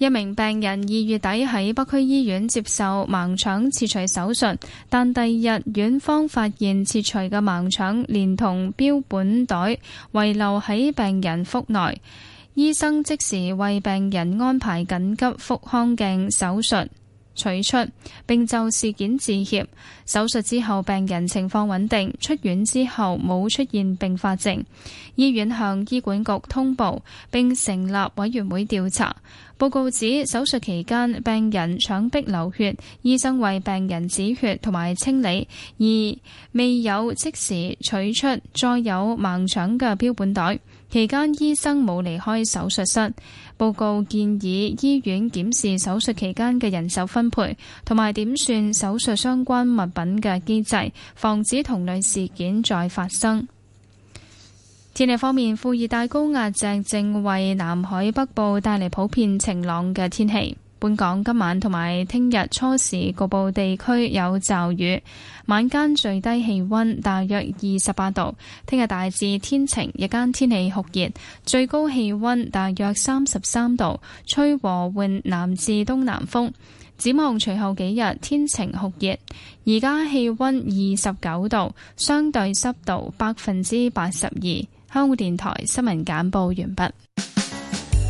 一名病人二月底喺北區醫院接受盲腸切除手術，但第二日院方發現切除嘅盲腸連同標本袋遺留喺病人腹內，醫生即時為病人安排緊急腹腔鏡手術。取出，並就事件致歉。手術之後，病人情況穩定，出院之後冇出現併發症。醫院向醫管局通報，並成立委員會調查報告，指手術期間病人腸壁流血，醫生為病人止血同埋清理，而未有即時取出再有盲腸嘅標本袋。期間醫生冇離開手術室。報告建議醫院檢視手術期間嘅人手分配，同埋點算手術相關物品嘅機制，防止同類事件再發生。天氣方面，副熱帶高壓脊正為南海北部帶嚟普遍晴朗嘅天氣。本港今晚同埋聽日初時局部地區有驟雨，晚間最低氣溫大約二十八度。聽日大致天晴，日間天氣酷熱，最高氣溫大約三十三度，吹和緩南至東南風。展望隨後幾日天晴酷熱。而家氣溫二十九度，相對濕度百分之八十二。香港電台新聞簡報完畢。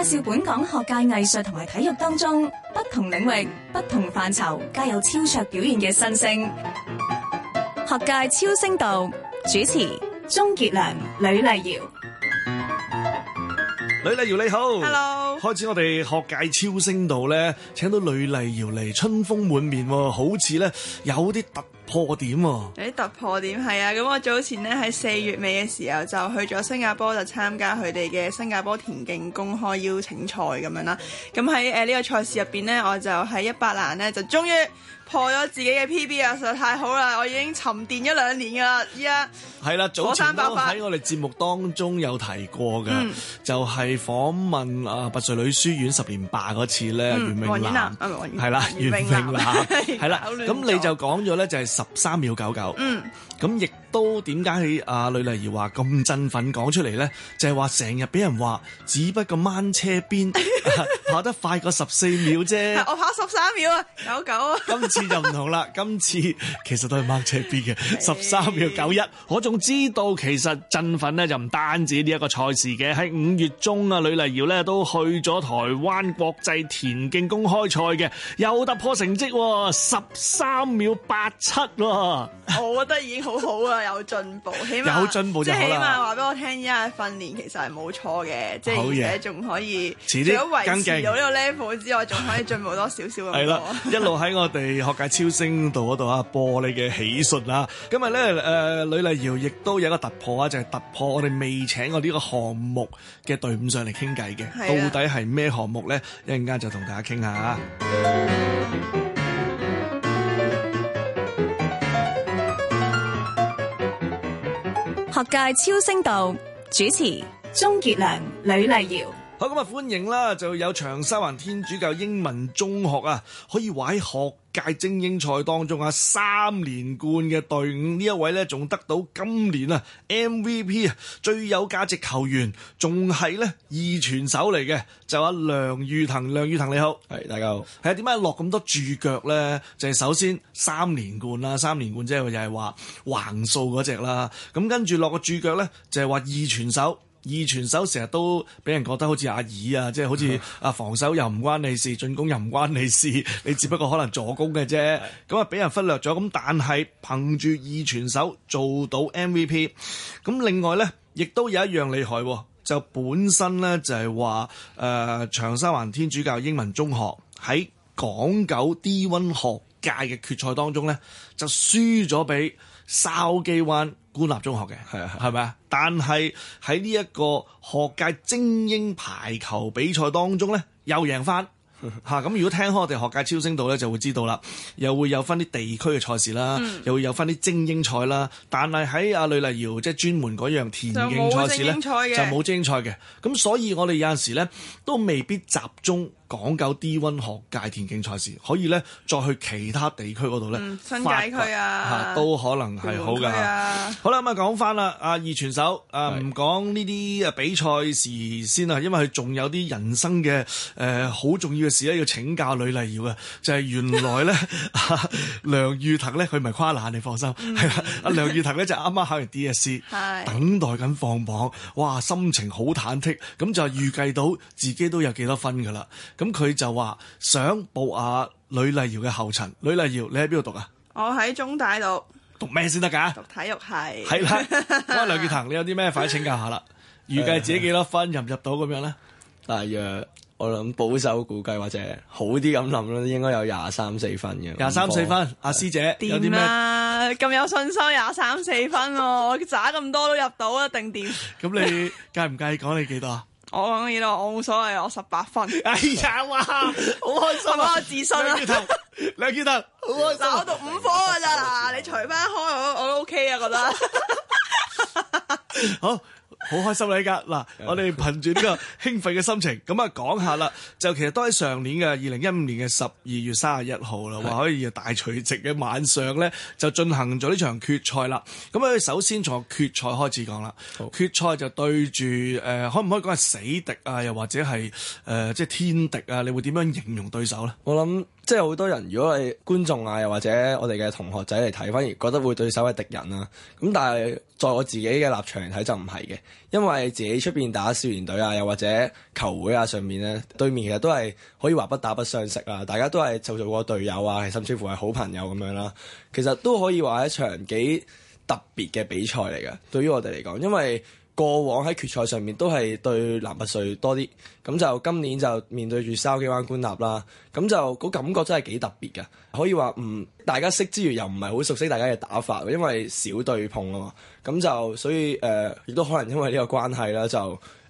介紹本港學界藝術同埋體育當中不同領域、不同範疇皆有超卓表現嘅新星，學界超星道。主持：鍾傑良、呂麗瑤。呂麗瑤，你好。Hello。開始我哋學界超聲度咧，請到呂麗瑤嚟，春風滿面、哦、好似咧有啲突破點喎、哦。有啲突破點係啊，咁我早前咧喺四月尾嘅時候就去咗新加坡就參加佢哋嘅新加坡田徑公開邀請賽咁樣啦。咁喺誒呢個賽事入邊咧，我就喺一百欄咧就終於破咗自己嘅 P.B. 啊，實在太好啦！我已經沉澱咗兩年噶啦，依家火山爆發，喺我哋節目當中有提過嘅，嗯、就係訪問啊。女書院十年霸嗰次咧，袁明南係啦，袁明南係啦，咁你就講咗咧，就係十三秒九九。咁亦都點解阿呂麗瑤話咁振奮講出嚟咧？就係話成日俾人話，只不過掹車邊、啊、跑得快過十四秒啫。 我跑十三秒啊，九九啊。 今次就唔同啦，今次其實都係掹車邊嘅十三秒九一。 我仲知道其實振奮咧就唔單止呢一個賽事嘅，喺五月中啊，呂麗瑤咧都去咗台灣國際田徑公開賽嘅，又突破成績，十三秒八七喎。 oh, 我覺得已經。好好啊， 有進步，起碼有進步起碼話俾我聽，依家訓練其實係冇錯嘅，即係而且仲可以除咗維持呢個 level, 更 level 之外，仲可以進步多少少嘅。係啦多過， 一路喺我哋學界超星度嗰度啊，播你嘅喜訊啦。今日咧，誒、呃，呂麗瑤亦都有一個突破啊，就係、是、突破我哋未請過呢個項目嘅隊伍上嚟傾偈嘅，啊、到底係咩項目咧？一陣間就同大家傾下界超聲道主持鍾傑良、呂麗瑤，好咁啊，歡迎啦，就有長沙灣天主教英文中學啊，可以委學界精英賽當中啊，三連冠嘅隊伍呢一位呢，仲得到今年啊 MVP 最有價值球員，仲係呢二傳手嚟嘅，就阿、啊、梁譽騰，梁譽騰你好，係大家好，係啊，點解落咁多注腳呢？就係、是、首先三連冠啦，三連冠之後就係話橫掃嗰隻啦，咁跟住落個注腳呢，就係、是、話二傳手。二傳手成日都俾人覺得好似阿爾啊，即係好似阿防守又唔關你事，進攻又唔關你事，你只不過可能助攻嘅啫，咁啊俾人忽略咗。咁但係憑住二傳手做到 MVP，咁另外呢，亦都有一樣厲害，就本身呢，就係話誒長沙灣天主教英文中學喺港九 D1 學界嘅決賽當中呢，就輸咗俾筲箕灣官立中學嘅，係啊的，係咪啊？但係喺呢一個學界精英排球比賽當中咧，又贏翻吓。咁、 啊、如果聽開我哋學界超聲道咧，就會知道啦，又會有翻啲地區嘅賽事啦，嗯、又會有翻啲精英賽啦。但係喺阿呂麗瑤即係專門嗰樣田徑賽事咧，就冇精英賽嘅。咁所以我哋有陣時咧，都未必集中。講究 D1 學界田徑賽事，可以咧再去其他地區嗰度咧，新界區啊，都可能係好噶。啊、好啦，咁啊講翻啦，阿二傳手啊，唔是講呢啲啊比賽事先啦，因為佢仲有啲人生嘅誒好重要嘅事咧，要請教呂麗瑤、就是、 啊，就係原來咧梁裕騰咧，佢唔係跨欄，你放心，係啊， 阿梁譽騰咧就啱啱考完 DSC， 是等待緊放榜，哇，哇心情好忐忑，咁就係預計到自己都有幾多分噶啦。咁佢、嗯、就話想步阿呂麗瑤嘅後塵。呂麗瑤，你喺邊度讀啊？我喺中大度。讀咩先得噶？讀體育系。係啦吧，阿 梁譽騰，你有啲咩快啲請教下啦？預計自己幾多分入唔、呃、入到咁樣咧？大約我諗保守估計或者好啲咁諗咧，應該有廿三四分嘅。廿三四分，阿是、啊、師姐有啲咩咁有信心廿三四分、啊？我渣咁多都入到啊？定點？咁 你介唔介意講你幾多啊？我可以咯，我冇所謂，我十八分。哎呀，哇， 好開心啊，是是自信啊，梁譽騰， 好開心、啊，我讀五科噶咋，你除翻開我，我都 OK 啊，覺得 好。 好開心啦！依家嗱，我哋憑住呢個興奮嘅心情，咁啊講下啦。就其實都喺的上年嘅二零一五年嘅十二月三十一號啦，話，可以大除夕嘅晚上咧，就進行咗呢場決賽啦。咁啊，首先從決賽開始講啦。決賽就對住誒，可唔可以講係死敵啊？又或者係誒，即、呃、係、就是、天敵啊？你會點樣形容對手咧？我諗。即係好多人，如果係觀眾啊，又或者我哋嘅同學仔嚟睇，反而覺得會對手係敵人啦、啊。咁但係在我自己嘅立場嚟睇就唔係嘅，因為自己出面打少年隊啊，又或者球會啊上面咧，對面其實都係可以話不打不相識啊，大家都係就做，做過隊友啊，甚至乎係好朋友咁樣啦、啊。其實都可以話係一場幾特別嘅比賽嚟嘅，對於我哋嚟講，因為，過往喺決賽上面都係對南拔穗多啲，咁就今年就面對住筲箕灣官立啦，咁就個感覺真係幾特別嘅，可以話唔大家識之餘又唔係好熟悉大家嘅打法，因為少對碰啊嘛，咁就所以誒、呃、亦都可能因為呢個關係啦，就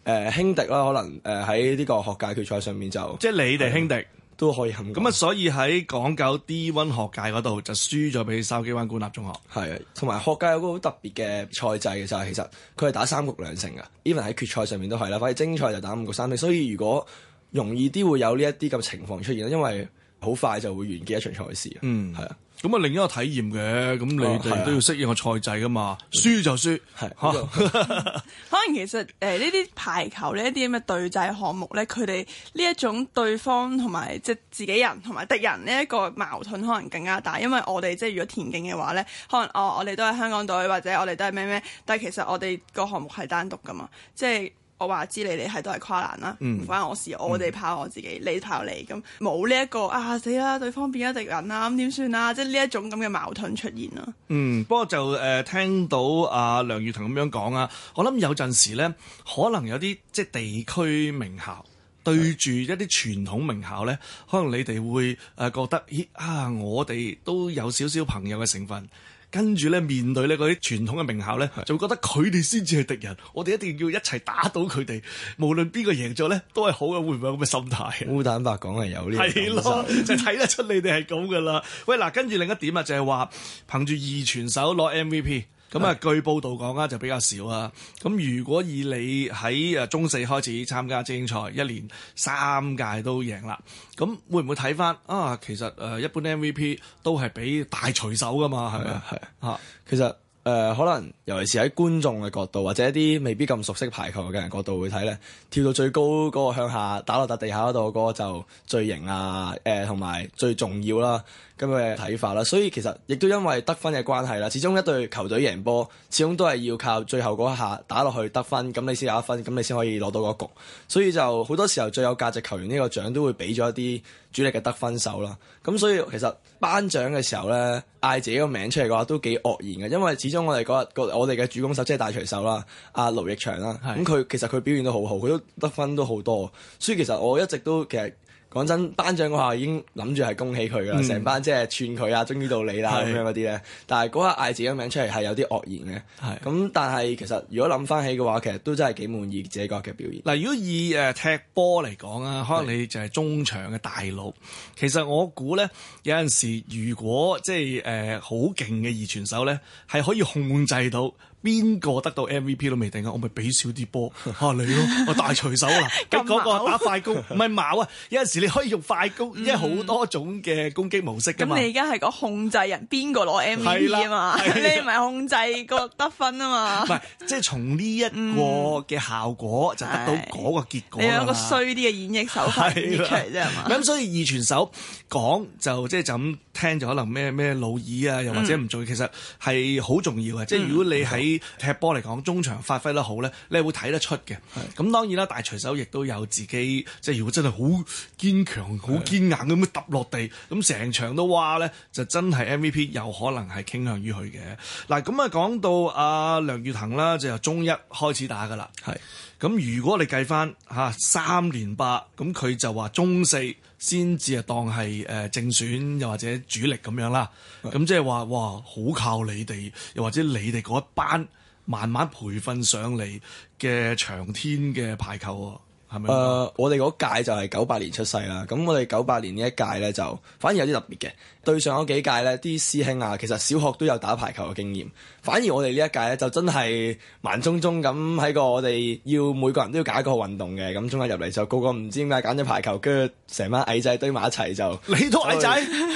誒輕敵啦，可能誒喺呢個學界決賽上面就即係你哋輕敵。都可以咁，咁啊，所以喺港九 D1 學界嗰度就輸咗俾筲箕灣官立中學。係啊，同埋學界有個好特別嘅賽制嘅就係、是、其實佢係打三局兩勝嘅，even 喺決賽上面都係啦，反正精賽就打五局三勝。所以如果容易啲會有呢一啲咁情況出現啦，因為好快就會完結一場賽事，嗯，係啊。咁啊，另一個體驗嘅，咁、哦、你哋都要適應個賽制噶嘛，輸的就輸，吓的。 可能其實誒呢啲排球呢一啲咁嘅對制項目咧，佢哋呢一種對方同埋即係自己人同埋敵人呢一個矛盾可能更加大，因為我哋即係如果田徑嘅話咧，可能哦我哋都係香港隊或者我哋都係咩咩，但係其實我哋個項目係單獨噶嘛，即係。我話知你哋係都係跨欄啦、啊，唔、嗯、關我事，我哋跑我自己，嗯、你跑你咁，冇呢一個啊死啦，對方變咗敵人啦，咁點算啊？即係呢一種咁嘅矛盾出現啊。嗯，不過就誒、呃、聽到阿、呃、梁月騰咁樣講啊，我諗有陣時呢，可能有啲即係地區名校對住一啲傳統名校呢，的可能你哋會誒覺得咦啊，我哋都有少少，少朋友嘅成分。跟住咧，面對呢嗰啲傳統嘅名校咧，就會覺得佢哋先至係敵人，我哋一定要一齊打倒佢哋。無論邊個贏咗咧，都係好嘅。會唔會有咁嘅心態？好坦白講係有呢個感受咯 就睇得出你哋係咁噶啦。喂，嗱，跟住另一點啊，就係、是、話憑住二傳手攞 MVP。咁啊，據報道講啊，就比較少啊。咁如果以你喺誒中四開始參加精英賽，一年三屆都贏啦，咁會唔會睇翻啊？其實誒一般 MVP 都係俾大錘手噶嘛，係啊？係啊，嚇，其實。誒、呃、可能尤其是喺觀眾嘅角度，或者一啲未必咁熟悉排球嘅人嘅角度會睇呢，跳到最高嗰個向下打落笪地下嗰度嗰個就最型啊！誒同埋最重要啦咁嘅睇法啦，所以其實亦都因為得分嘅關係啦，始終一隊球隊贏波，始終都係要靠最後嗰一下打落去得分，咁你先有一分，咁你先可以攞到嗰局。所以就好多時候最有價值球員呢個獎都會俾咗一啲。主力嘅得分手啦，咁所以其實頒獎嘅時候咧，嗌自己個名出嚟嘅話都幾愕然嘅，因為始終我哋嗰日我哋嘅主攻手即係大鎚手啦，阿、啊、盧逸祥啦，咁佢是的 其實佢表現都好好，佢都得分都好多，所以其實我一直都其實。講真，頒獎我已經諗住係恭喜佢噶啦，成、嗯、班即係串佢啊，終於到你啦咁樣嗰啲咧。是但係嗰刻嗌自己名出嚟係有啲愕然嘅。係咁是，但係其實如果諗翻起嘅話，其實都真係幾滿意自己個嘅表現。嗱，如果以誒踢波嚟講啊，可能你就係中場嘅大佬。是其實我估咧，有陣時如果即係誒好勁嘅二傳手咧，係可以控制到。邊個得到 MVP 都未定啊！我咪俾少啲波吓你咯，我大錘手啊。嗰 個打快攻，唔係矛啊！有陣時你可以用快攻，嗯、因為好多種嘅攻擊模式噶嘛。嗯、你而家係個控制人，邊個攞 MVP 啊嘛？你唔係控制個得分啊嘛？唔係 即係從呢一個嘅效果就得到嗰個結果、嗯。你有個衰啲嘅演繹手法繹，咁所以二傳手講就即係就咁聽就可能咩咩老耳啊，又或者唔做，嗯、其實係好重要啊！即係、嗯、如果你喺踢波嚟講，中場發揮得好咧，你會睇得出嘅。咁的當然啦，大錘手亦都有自己，即係如果真係好堅強、好堅硬咁樣揼落地，地，咁成的場都哇咧，就真係 MVP 有可能係傾向於佢嘅。嗱、啊，咁啊講到阿梁譽騰啦，就由中一開始打噶啦。係的，咁如果你計翻吓三連霸，咁佢就話中四。先至係當係誒正選又或者主力咁樣啦，咁即係話，哇好靠你哋，又或者你哋嗰一班慢慢培訓上嚟嘅長天嘅排球。誒，我哋嗰屆就係九八年出世啦。咁我哋九八年呢一屆咧，就反而有啲特別嘅。對上嗰幾屆咧，啲師兄啊，其實小學都有打排球嘅經驗。反而我哋呢一屆咧，就真係盲中中咁喺個我哋要每個人都要揀一個運動嘅。咁中一入嚟就個個唔知點解揀咗排球，跟住成班矮仔堆埋一齊就你都矮仔，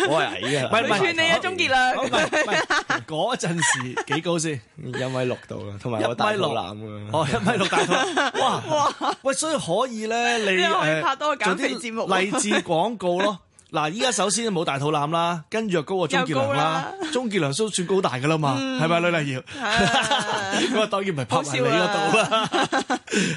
我係矮嘅。唔係唔係，你啊鍾傑啊，嗰陣時幾高先？一米六度啦，同埋我大肚腩啊。哦，一米六大肚腩。哇哇，喂，所以可。可以咧，你，你可以拍多做啲勵志廣告咯。嗱，依家首先都冇大肚腩啦，跟住又高啊鍾傑良啦，鍾傑良都算高大噶啦嘛，係咪、嗯、啊呂麗瑤？咁啊 當然唔係拍埋你嗰度啦。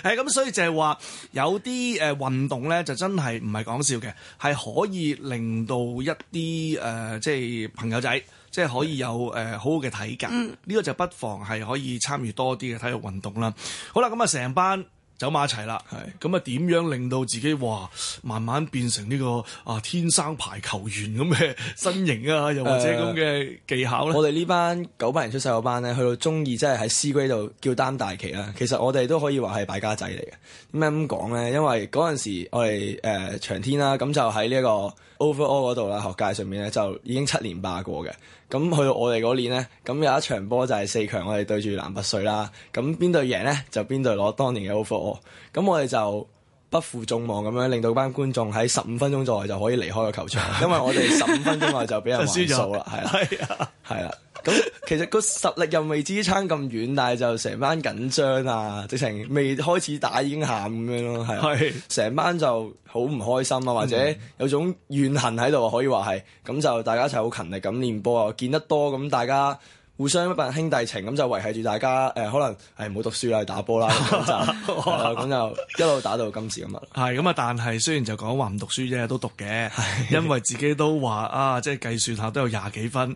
係咁， 所以就係話有啲誒運動咧，就真係唔係講笑嘅，係可以令到一啲誒即係朋友仔，即、就、係、是、可以有誒、呃、好好嘅體格。呢、嗯、個就不妨係可以參與多啲嘅體育運動啦。好啦，咁啊成班。走馬齊啦，咁啊點樣令到自己哇慢慢變成呢、這個啊天生排球員咁嘅身形啊，又或者咁嘅技巧咧、呃？我哋呢班九班人出世嗰班咧，去到中二即係喺 C grade 度叫擔大旗啦。其實我哋都可以話係敗家仔嚟嘅。點解咁講咧？因為嗰陣時我哋誒、呃、長天啦，咁就喺呢一個。Overall 嗰度啦，學界上面咧就已經七年霸過嘅，咁去到我哋嗰年咧，咁有一場波就係四強我，我哋對住男拔萃啦，咁邊隊贏咧就邊隊攞當年嘅 Overall，咁我哋就不負眾望咁樣令到班觀眾喺十五分鐘內就可以離開個球場， 因為我哋十五分鐘內就俾人數輸咗啦，係啊，係啦。咁其實個實力又未知差咁遠，但係就成班緊張啊！直情未開始打已經喊咁樣咯，係成班就好唔開心啊，或者有種怨恨喺度啊，可以話係咁就大家一齊好勤力咁練波啊，見得多咁大家互相一班兄弟情咁就維繫住大家誒，可能係唔好讀書啦，打波啦咁就一路打到今時今日。係咁啊，但係雖然就講話唔讀書啫，都讀嘅，因為自己都話啊，即係計算下都有廿幾分。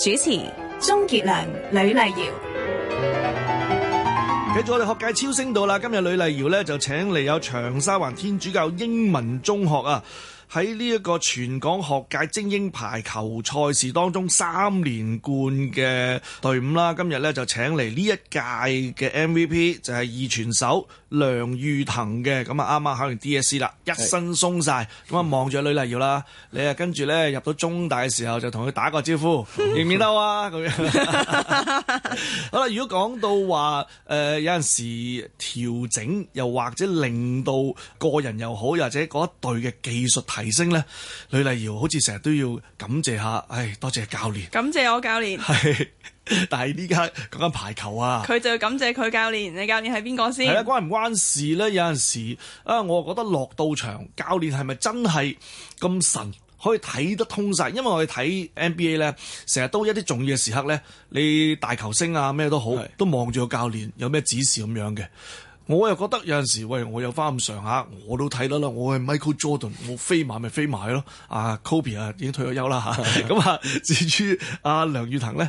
主持鍾傑良、呂麗瑤，繼續我哋學界超聲到啦！今日呂麗瑤呢就請嚟有長沙灣天主教英文中學啊，喺呢一個全港學界精英排球賽事當中三連冠嘅隊伍啦，今日咧就請嚟呢一屆嘅 MVP 就係二傳手梁譽騰嘅，咁啊啱啱考完 DSE 啦，一身鬆晒咁啊望住呂麗瑤啦，你啊跟住咧入到中大嘅時候就同佢打個招呼，認唔認得啊？咁樣 好啦，如果講到話誒、呃、有陣時調整，又或者令到個人又好，又或者一隊嘅技術，提升咧，呂麗瑤好似成日都要感謝下，唉，多謝教練，感謝我教練。係， 但係呢家講緊排球啊，佢就要感謝佢教練。你教練係邊個先？係啊，關唔關事咧？有陣時啊，我啊覺得落到場教練係咪真係咁神，可以睇得通晒？因為我哋睇 NBA 咧，成日都有一啲重要嘅時刻咧，你大球星啊咩都好，是都望住個教練有咩指示咁樣嘅。我又覺得有陣時，喂，我又翻唔上下，我都睇得啦。我係 Michael Jordan，我飛埋咪飛埋咯。阿、啊、Kobe 啊，已經退咗休啦。咁 啊，至於阿梁譽騰咧，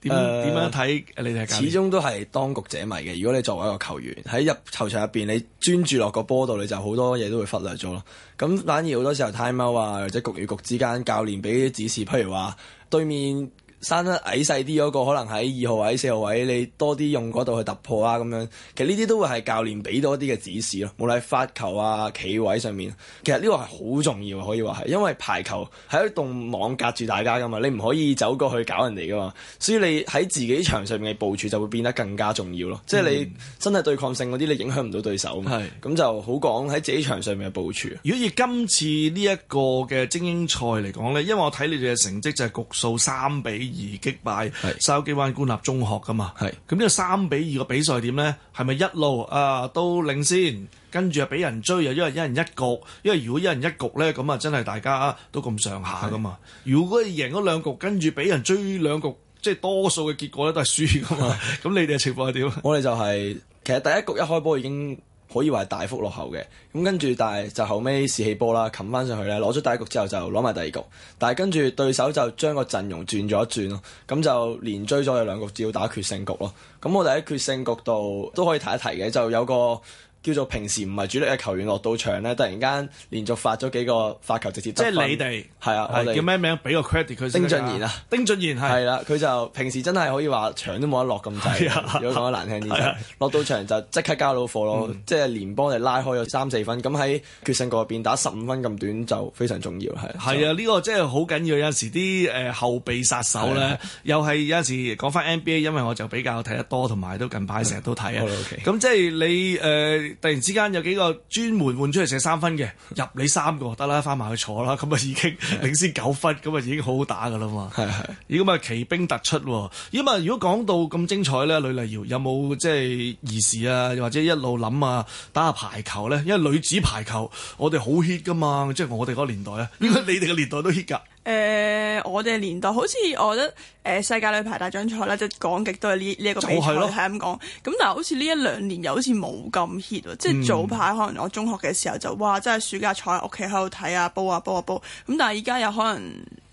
點點樣睇？你哋，始終都係當局者迷嘅。如果你作為一個球員喺入球場入邊，你專注落個波度，你就好多嘢都會忽略咗咯。咁反而好多時候 time out 啊，或者局與局之間，教練俾啲指示，譬如話對面。生得矮細啲嗰個，可能喺二號位、四號位，你多啲用嗰度去突破啊咁樣。其實呢啲都會係教練俾多啲嘅指示咯，無論係發球啊、企位上面。其實呢個係好重要，可以話係，因為排球係一棟網隔住大家噶嘛，你唔可以走過去搞人哋噶嘛。所以你喺自己場上面嘅部署就會變得更加重要咯。即係、嗯、你真係對抗性嗰啲，你影響唔到對手。係咁是就好講喺自己場上面嘅部署。如果以今次呢一個嘅精英賽嚟講咧，因為我睇你哋嘅成績就係局數三比。而擊敗是筲箕灣官立中學噶嘛？咁是呢個三比二嘅比賽點咧？係咪一路啊都領先？跟住啊俾人追又因為一人一局，因為如果一人一局咧，咁啊真係大家都咁上下噶嘛。是如果係贏咗兩局，跟住俾人追兩局，即係多數嘅結果咧都係輸噶嘛。咁是 你哋嘅情況係點？我哋就係、是、其實第一局一開波已經。可以話係大幅落後嘅，咁跟住但係就後尾士氣波啦，冚翻上去咧，攞咗第一局之後就攞埋第二局，但係跟住對手就將個陣容轉咗一轉咯，咁就連追咗有兩局，只要打決勝局咯。咁我哋喺決勝局度都可以提一提嘅，就有個。叫做平時唔係主力嘅球員落到場咧，突然間連續發咗幾個發球，直接即係你哋係啊，我哋叫咩名？俾個 credit 佢、啊。丁俊賢啊，丁俊賢係係啦，佢、啊、就平時真係可以話場都冇得落咁滯啊。如果講得難聽啲，啊啊、落到場就即刻交到貨咯，嗯、即係連幫你拉開咗三四分。咁喺決勝局入邊打十五分咁短就非常重要係。係啊，呢、啊呢個真係好緊要。有陣時啲誒後備殺手咧，啊啊、又係有陣時講翻 NBA，因為我就比較睇得多，同埋都近排成日都睇啊。咁、嗯 okay. 即係你誒？呃突然之間有幾個專門換出嚟射三分嘅入你三個得啦，翻埋去坐啦，咁啊已經領先九分，咁啊已經好好打噶啦嘛。係係，咁啊奇兵突出、啊，咁啊如果講到咁精彩咧，呂麗瑤有冇即係兒時啊，又或者一路諗啊，打下排球咧？因為女子排球我哋好 hit 噶嘛，即係我哋嗰年代咧，應該你哋嘅年代都 hit 㗎。誒、呃，我哋年代好似我覺得誒、呃，世界女排大獎賽啦，即係講極都係呢呢一個比賽係咁講咁，但係好似呢一兩年又好似冇咁 hit 即係早排可能我中學嘅時候就哇，真係暑假坐喺屋企喺度睇啊，煲啊煲啊煲咁、啊，但係而家有可能。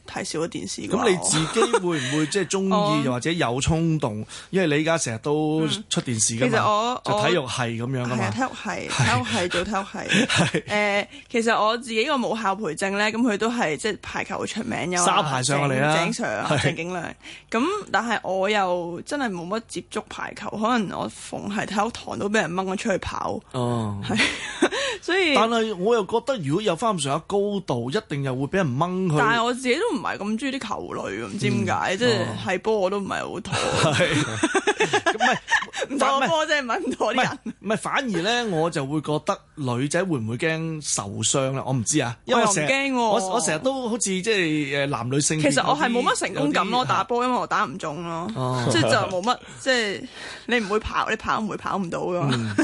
睇少咗電視，咁你自己會唔會即係中意又或者有衝動？因為你而家成日都出電視噶嘛，就體育係咁樣噶嘛。係體育係，體育係做體育係。誒，其實我自己個母校培正咧，咁佢都係即係排球出名，有三排上我哋啦，正上正景亮。咁但係我又真係冇乜接觸排球，可能我逢係體育堂都俾人掹咗出去跑。哦，係。所以，但係我又覺得如果有翻唔上高度，一定又會俾人掹佢。但係我自己都唔係咁中意啲球類咁，唔知點解即係係波我都唔係好台。唔係打波真係搵唔到啲人。唔係反而咧，我就會覺得女仔會唔會驚受傷咧？我唔知啊，因為我唔驚。我我成日都好似即係誒男女性。其實我係冇乜成功感咯，打波因為我打唔中咯，即係就冇乜即係你唔會跑，你跑唔會跑唔到㗎嘛。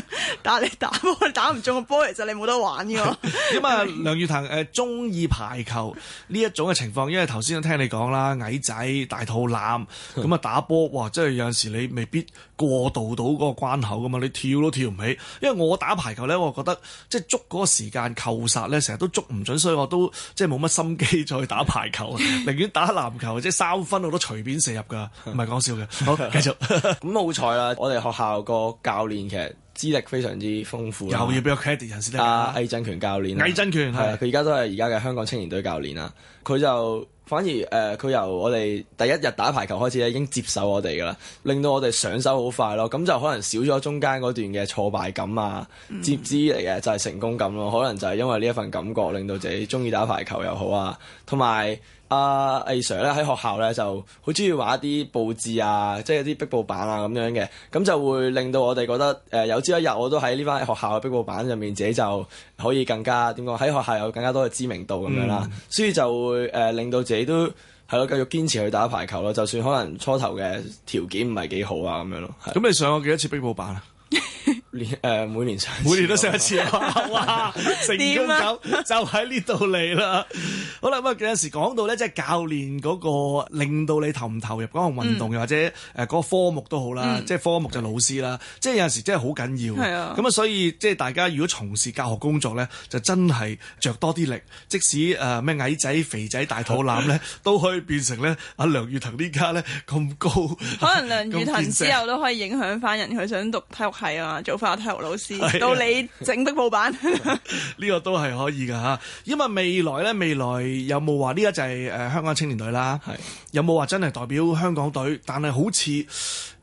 但你打波，你打唔中個波嚟啫。你冇得玩嘅。咁啊，梁譽騰誒，中、呃、意排球呢一種嘅情況，因為頭先聽你講啦，矮仔大肚腩，咁啊打波哇，即係有陣時你未必過渡到嗰個關口噶嘛，你跳都跳唔起。因為我打排球咧，我覺得即係捉嗰個時間扣殺咧，成日都捉唔準，所以我都即係冇乜心機再打排球，寧願 打籃球，即係三分我都隨便射入噶唔係講笑嘅。好，繼續。咁好彩啦，我哋學校個教練其實，資歷非常之豐富，又要俾我 credit 人先得啊！魏振權教練，魏振權係啊，佢而家都係而家嘅香港青年隊教練啦、啊。佢就反而誒，佢、呃、由我哋第一日打排球開始咧，已經接手我哋噶啦，令到我哋上手好快咯。咁就可能少咗中間嗰段嘅挫敗感啊，接之嚟嘅就係成功感咯。嗯、可能就係因為呢一份感覺，令到自己中意打排球又好啊，同埋，阿 e、uh, Sir 咧喺學校咧就好中意畫啲布置啊，即係啲壁布板啊咁樣嘅，咁就會令到我哋覺得誒、呃，有朝一日我都喺呢班學校嘅壁布板入面自己就可以更加點講喺學校有更加多嘅知名度咁樣啦，嗯、所以就會誒、呃、令到自己都係咯，繼續堅持去打排球咯、啊，就算可能初頭嘅條件唔係幾好啊咁樣咯。咁你上過幾多次壁布板啊？ 年誒每年每年都上一次畫畫，成功咁就喺呢度嚟啦。好啦，咁啊有陣時講到咧，即係教練嗰個令到你投唔投入嗰個運動，又或者誒嗰個科目都好啦，即係科目就老師啦。即係有陣時真係好緊要。係啊，咁啊，所以即係大家如果從事教學工作咧，就真係着多啲力，即使誒咩矮仔、肥仔、大肚腩咧，都可以變成咧阿梁譽騰呢家咧咁高。可能梁譽騰之後都可以影響翻人，佢想讀體育系啊做。體育老師的到你整的布板，呢 個都係可以噶吓。因為未來咧，未來有冇話呢家就係誒香港青年隊啦，的有冇話真係代表香港隊？但係好似誒、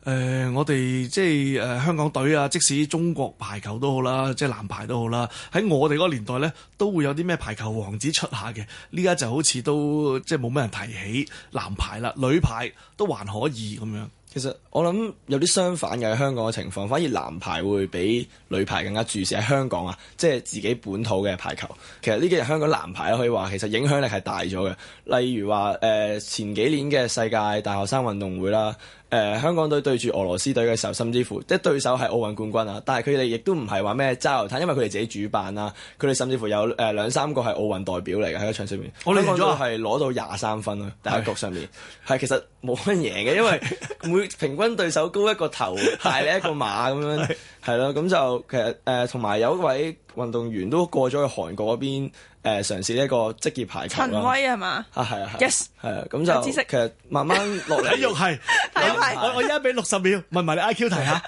呃、我哋即係誒香港隊啊，即使中國排球都好啦，即係男排都好啦，喺我哋嗰個年代咧，都會有啲咩排球王子出下嘅。呢家就好似都即係冇咩人提起男排啦，女排都還可以咁樣。其實我諗有啲相反嘅香港嘅情況，反而男排會比女排更加注視喺香港啊，即係自己本土嘅排球。其實呢幾日香港男排可以話其實影響力係大咗嘅，例如話誒、呃、前幾年嘅世界大學生運動會啦。誒、呃、香港隊對住俄羅斯隊嘅時候，甚至乎即係對手係奧運冠軍啊！但係佢哋亦都唔係話咩揸流攤，因為佢哋自己主辦啦。佢哋甚至乎有誒、呃、兩三個係奧運代表嚟嘅喺個場上面。我諗係攞到廿三分啊。第一局上面係其實冇乜贏嘅，因為每平均對手高一個頭，大你 一個馬咁樣係咯。咁就其實誒同埋有一位。運動員都過咗去，去韓國嗰邊，誒、呃、嘗試一個職業排球。陳威係嘛？啊係啊係。Yes。係啊，咁、啊 Yes. 啊、就知識其實慢慢落嚟，又係。 金 牌。我我依家俾六十秒問埋你 IQ 題下，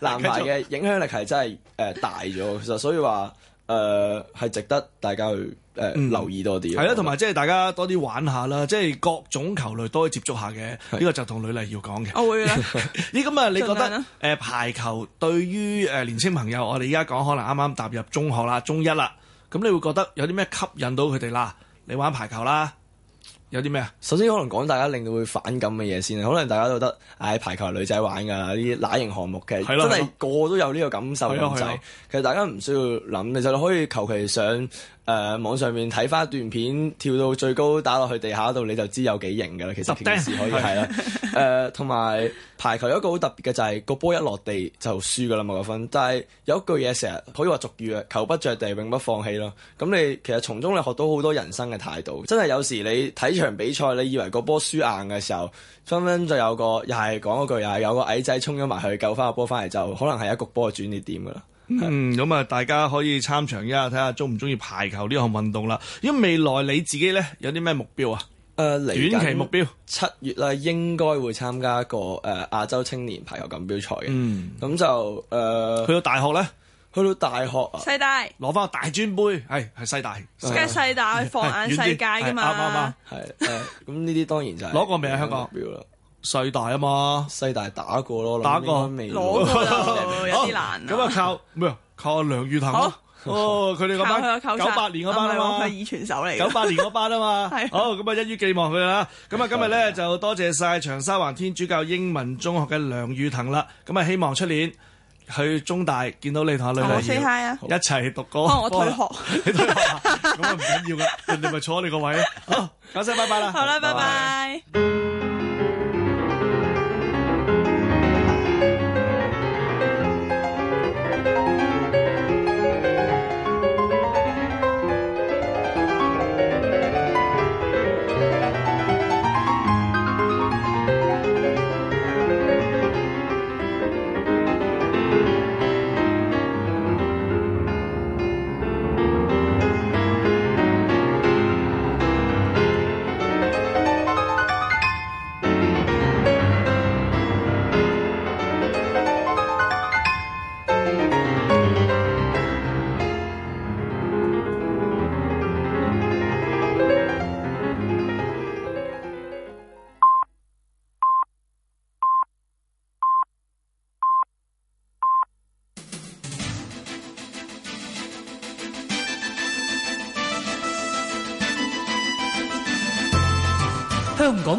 男排嘅影響力係真係誒大咗，其實所以話。 誒，係、呃、值得大家去誒、呃、留意多啲。係啦、嗯，同埋即係大家多啲玩下啦，即、就、係、是、各種球類多接觸下嘅。呢的個就同呂麗瑤講嘅。我會啦。咦，咁啊、 嗯，你覺得誒、呃、排球對於誒、呃、年輕朋友，我哋而家講可能啱啱踏入中學啦，中一啦，咁你會覺得有啲咩吸引到佢哋啦？你玩排球啦。有啲咩啊？首先可能講大家令到會反感嘅嘢先，可能大家都覺得，唉、哎、排球係女仔玩㗎，呢啲乸型項目嘅，真係個個都有呢個感受嘅仔。其實大家唔需要諗，其實你可以求其上。誒、呃、網上面睇翻段片，跳到最高打落去地下度，你就知有幾型㗎啦。其實平時可以係啦。誒同埋排球有一個好特別嘅就係個波一落地就輸㗎啦，冇個分。但係有一句嘢成日可以話俗語啊，球不着地永不放棄咯。咁你其實從中你學到好多人生嘅態度。真係有時你睇場比賽，你以為個波輸硬嘅時候，分分就有個又係講嗰句，又係有個矮仔衝咗埋去救翻個波翻嚟，就可能係一局波嘅轉捩點㗎啦。嗯，咁啊，大家可以參詳一下，睇下中唔中意排球呢項運動啦。如果未來你自己咧，有啲咩目標啊？誒，短期目標七月咧，應該會參加一個誒亞洲青年排球錦標賽嘅。嗯，咁就誒，去到大學咧，去到大學，世大，攞翻個大專杯，係係世大，世界世大放眼世界噶嘛，啱係。咁呢啲當然就攞過未？香港。世大啊嘛，世大打過咯，打過未？攞有啲難。咁啊靠咩啊？靠梁譽騰哦，佢哋嗰班九八年嗰班啊嘛，九八年嗰班啊嘛。好。咁啊，一於寄望佢啦。咁啊，今日咧就多謝晒長沙灣天主教英文中學嘅梁譽騰啦。咁啊，希望出年去中大見到你同阿李大賢一齊讀嗰，我退學。咁啊唔緊要噶，你咪坐你個位啊。好，講聲，拜拜啦。好啦，拜拜。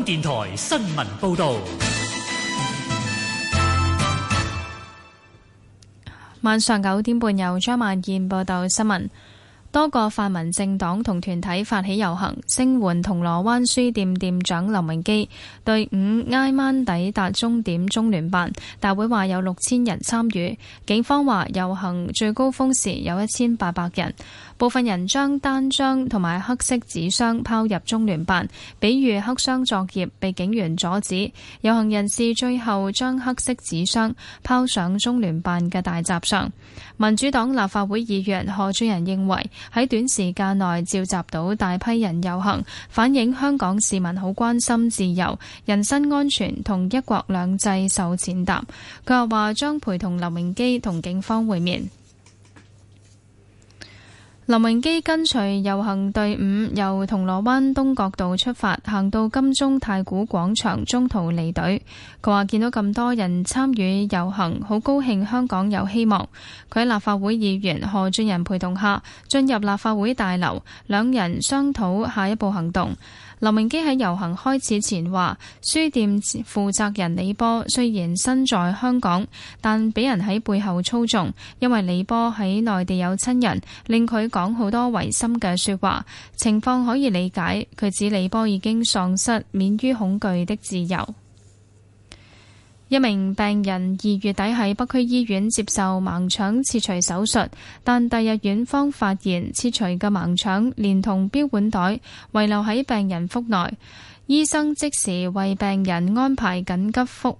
電台新聞報道，晚上九點半由張萬燕報道新聞。多個泛民政黨同團體發起遊行，聲援銅鑼灣書店店長林榮基。隊伍挨晚抵達終點中聯辦大會，話有六千人參與。警方話遊行最高峰時有一千八百人。部分人將單張同埋黑色紙箱拋入中聯辦，比如黑箱作業，被警員阻止，遊行人士最後將黑色紙箱拋上中聯辦嘅大閘上。民主黨立法會議員何俊仁認為喺短時間內召集到大批人遊行，反映香港市民好關心自由、人身安全同一國兩制受踐踏。佢又話將陪同劉明基同警方會面。林榮基跟隨遊行隊伍由銅鑼灣東角道出發，行到金鐘太古廣場，中途離隊。佢話見到咁多人參與遊行，好高興，香港有希望。佢喺立法會議員何俊仁陪同下進入立法會大樓，兩人商討下一步行動。劉明基喺遊行開始前話：書店負責人李波雖然身在香港，但俾人喺背後操縱，因為李波喺內地有親人，令佢講好多違心嘅說話。情況可以理解，佢指李波已經喪失，免於恐懼的自由。一名病人二月底喺北區醫院接受盲腸切除手術，但第二日院方發現切除嘅盲腸連同標本袋遺留喺病人腹內，醫生即時為病人安排緊急復開。